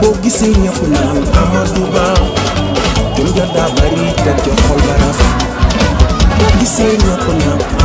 boo gisee ñëpp naan Amadou Ba jom jot daa te jot xol boo gisee ñëpp naan